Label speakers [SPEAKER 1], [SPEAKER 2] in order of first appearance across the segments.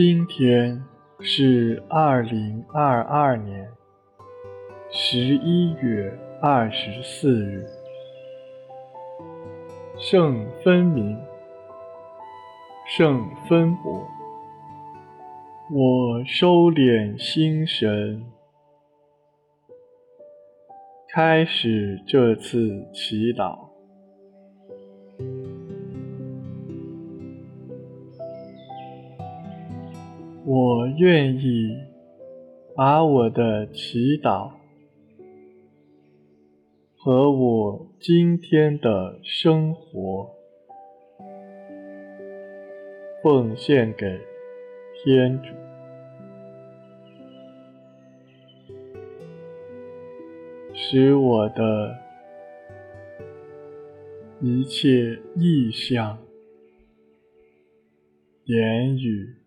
[SPEAKER 1] 今天是二零二二年十一月二十四日，聖分明，聖分我，我收斂心神，開始這次祈禱。我願意把我的祈禱和我今天的生活奉獻給天主，使我的一切意向、言語，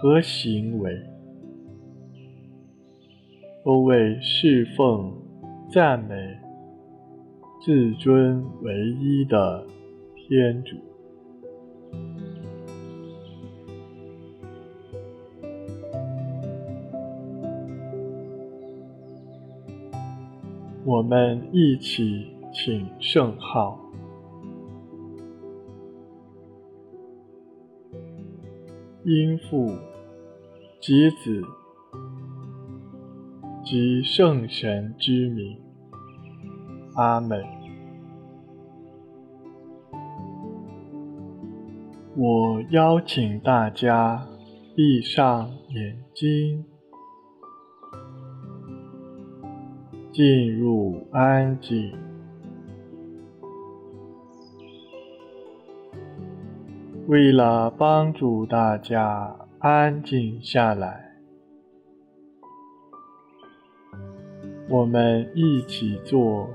[SPEAKER 1] 和行為，都為侍奉、讚美、至尊唯一的天主。我們一起請聖號。因父及子及聖神之名，阿門。我邀請大家閉上眼睛，進入安靜。為了幫助大家安靜下來，我們一起做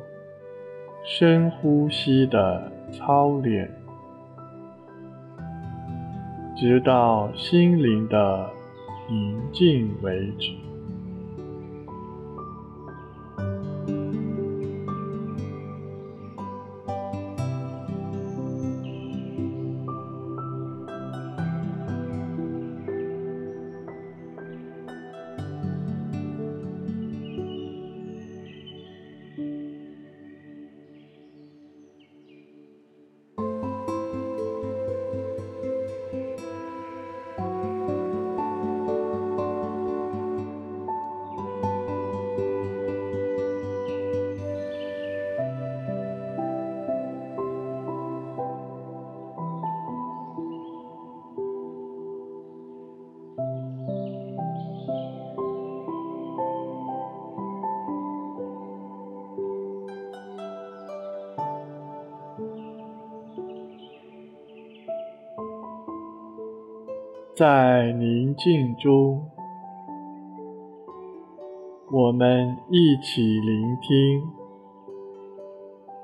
[SPEAKER 1] 深呼吸的操練，直到心靈的寧靜為止。在寧靜中，我們一起聆聽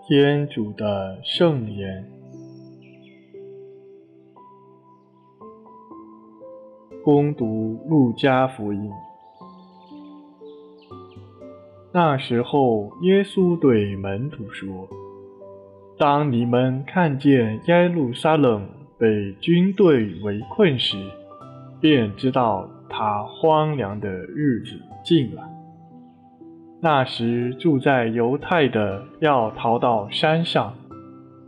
[SPEAKER 1] 天主的聖言，恭讀《路加福音》。那時候，耶穌對門徒說：“當你們看見耶路撒冷，”被軍隊圍困時，便知道他荒涼的日子近了。那時住在猶太的要逃到山上，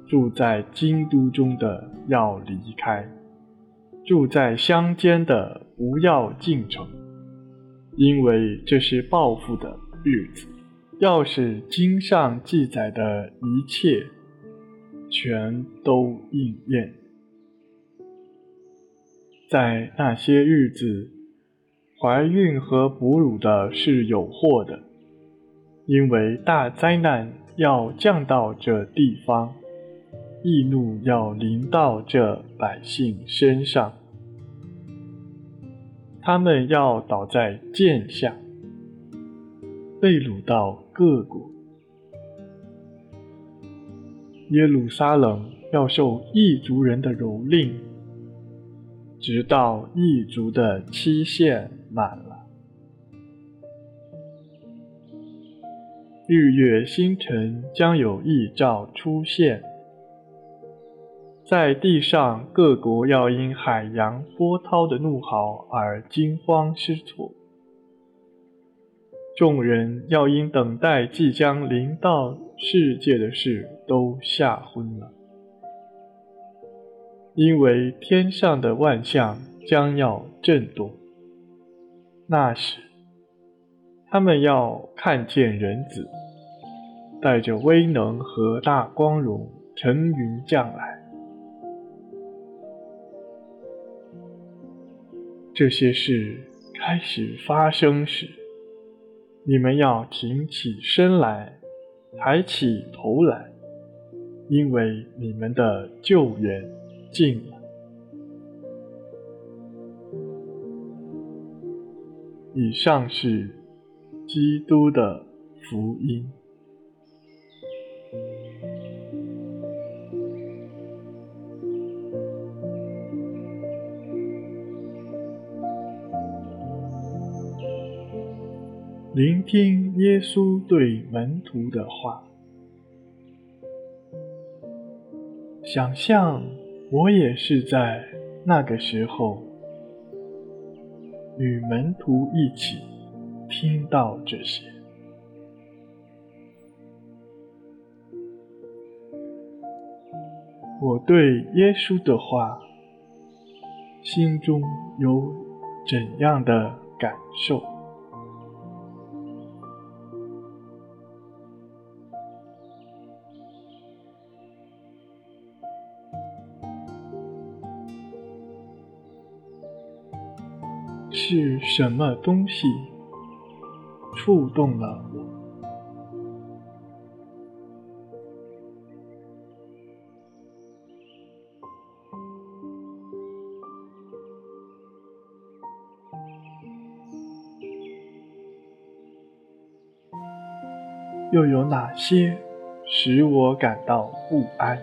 [SPEAKER 1] 住在京都中的要離開，住在鄉間的不要進城，因為這是報復的日子。要使經上記載的一切全都應驗。在那些日子，懷孕和哺乳的是有禍的，因為大災難要降到這地方，義怒要臨到這百姓身上，他們要倒在劍下，被擄到各國，耶路撒冷要受異族人的蹂躪。直到異族的期限滿了，日月星辰將有異兆出現，在地上各國要因海洋波濤的怒嚎而驚慌失措，眾人要因等待即將臨到世界的事都嚇昏了。因為天上的萬象將要震動，那時，他們要看見人子帶着威能和大光榮乘雲降來。這些事開始發生時，你們要挺起身來，抬起頭來，因為你們的救援。近了。以上是基督的福音。聆聽耶穌對門徒的話，想象。我也是在那個時候，與門徒一起聽到這些。我對耶穌的話，心中有怎樣的感受？是什麼東西觸動了我？又有哪些使我感到不安？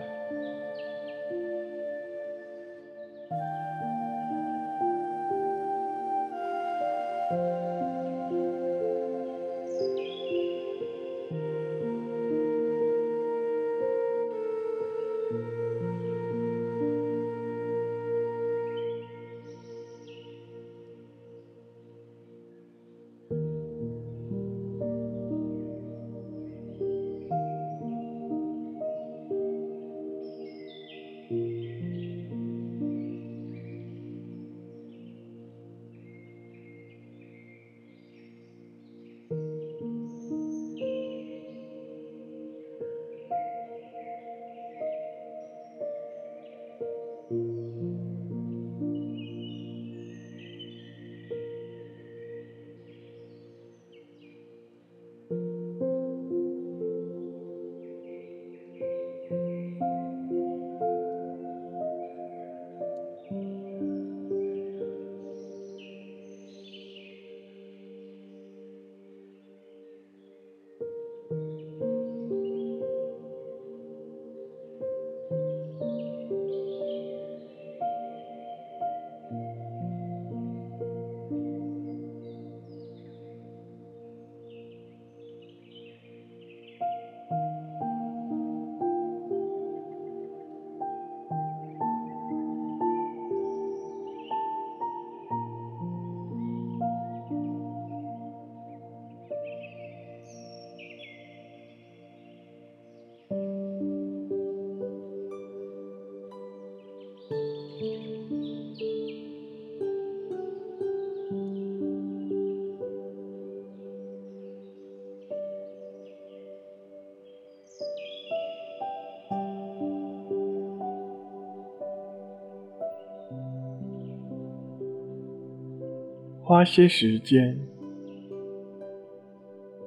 [SPEAKER 1] 花些時間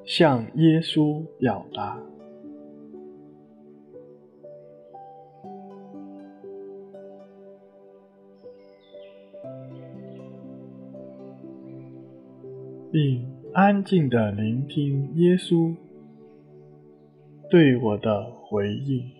[SPEAKER 1] 向耶穌表達，並安靜地聆聽耶穌對我的回應。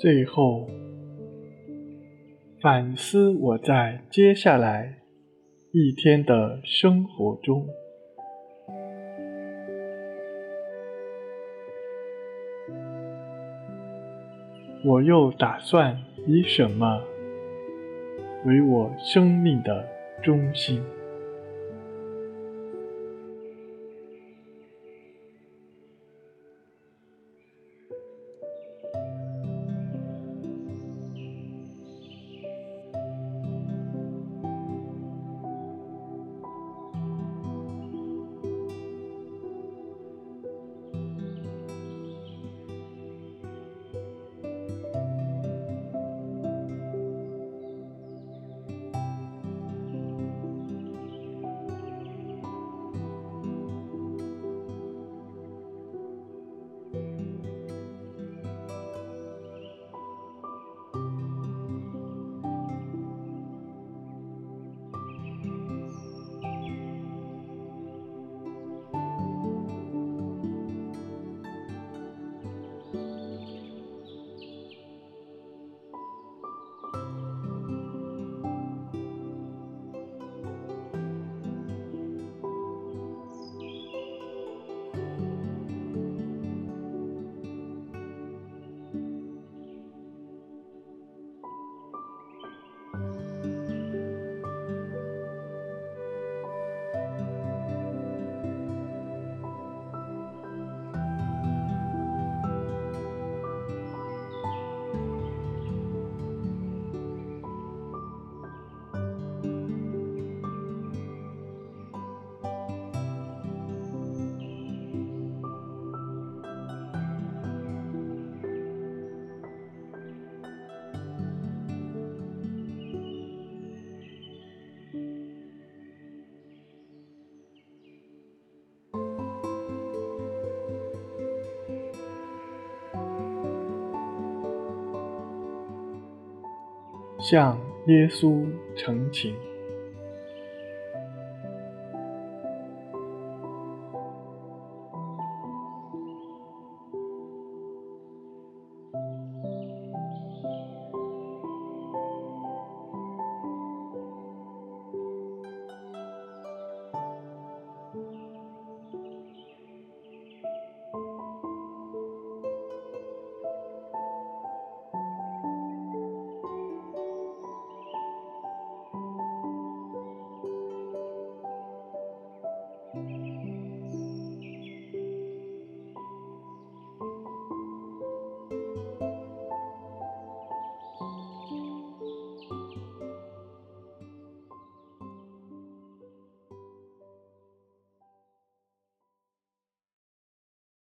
[SPEAKER 1] 最後，反思我在接下來一天的生活中，我又打算以什麼為我生命的中心？向耶穌呈請。